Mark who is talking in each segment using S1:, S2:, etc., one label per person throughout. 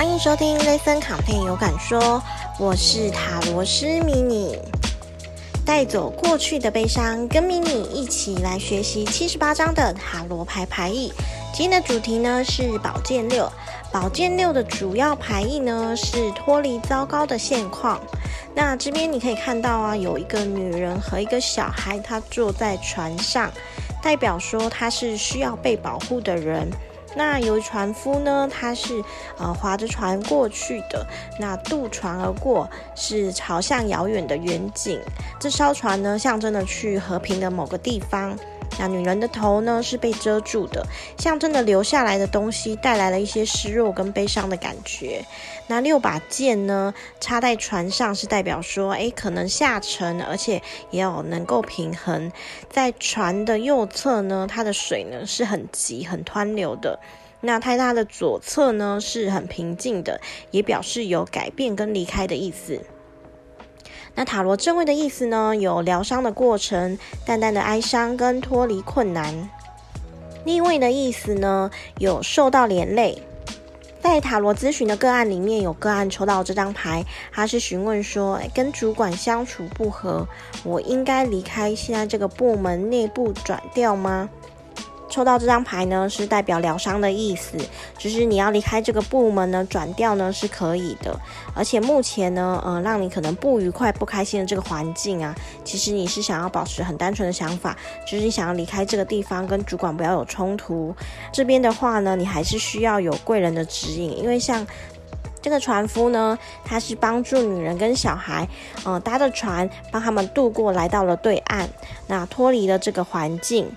S1: 歡迎收聽《ListenContent 有感說》，我是塔羅師迷你，帶走過去的悲傷，跟迷你一起來學習七十八張的塔羅牌牌意。今天的主題呢是寶劍六，寶劍六的主要牌意呢是脫離糟糕的現況。那這邊你可以看到啊，有一個女人和一個小孩，她坐在船上，代表說她是需要被保護的人。那由船夫呢，他是呃划着船過去的。那渡船而過是朝向遙遠的遠景。這艘船呢，象徵了去和平的某個地方。那女人的頭呢是被遮住的，象徵的留下來的東西帶來了一些失落跟悲傷的感覺。那六把劍呢插在船上，是代表說，哎，可能下沉，而且也有能夠平衡。在船的右側呢，它的水呢是很急、很湍流的。那它的左側呢是很平靜的，也表示有改變跟離開的意思。那塔羅正位的意思呢，有療傷的過程，淡淡的哀傷跟脫離困難。逆位的意思呢，有受到連累。在塔羅諮詢的個案裡面，有個案抽到這張牌，他是詢問說，欸，跟主管相處不和，我應該離開現在這個部門內部轉調嗎？抽到這張牌呢，是代表療傷的意思，就是你要離開這個部門呢，轉調呢是可以的。而且目前呢，呃，讓你可能不愉快、不開心的這個環境啊，其實你是想要保持很單純的想法，就是你想要離開這個地方，跟主管不要有衝突。這邊的話呢，你還是需要有貴人的指引，因為像這個船夫呢，他是幫助女人跟小孩，嗯、呃，搭着船幫他們渡過來到了對岸，那脫離了這個環境。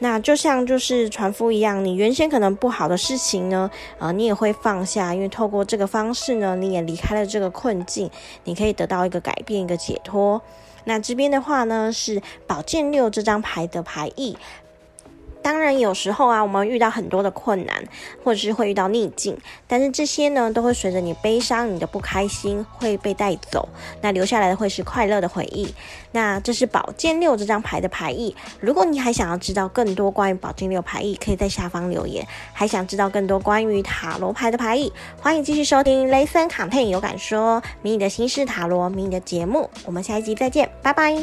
S1: 那就像就是船夫一樣，你原先可能不好的事情呢，呃，你也會放下，因為透過這個方式呢，你也離開了這個困境，你可以得到一個改變，一個解脫。那這邊的話呢，是寶劍六這張牌的牌意。當然，有時候啊，我們遇到很多的困難，或者是會遇到逆境，但是這些呢，都會隨着你悲傷、你的不開心會被帶走，那留下來的會是快樂的回憶。那這是寶劍六這張牌的牌意。如果你還想要知道更多關於寶劍六牌意，可以在下方留言。還想知道更多關於塔羅牌的牌意，歡迎繼續收聽 ListenContent 有感說迷你的心事塔羅迷你的節目。我們下一集再見，拜拜。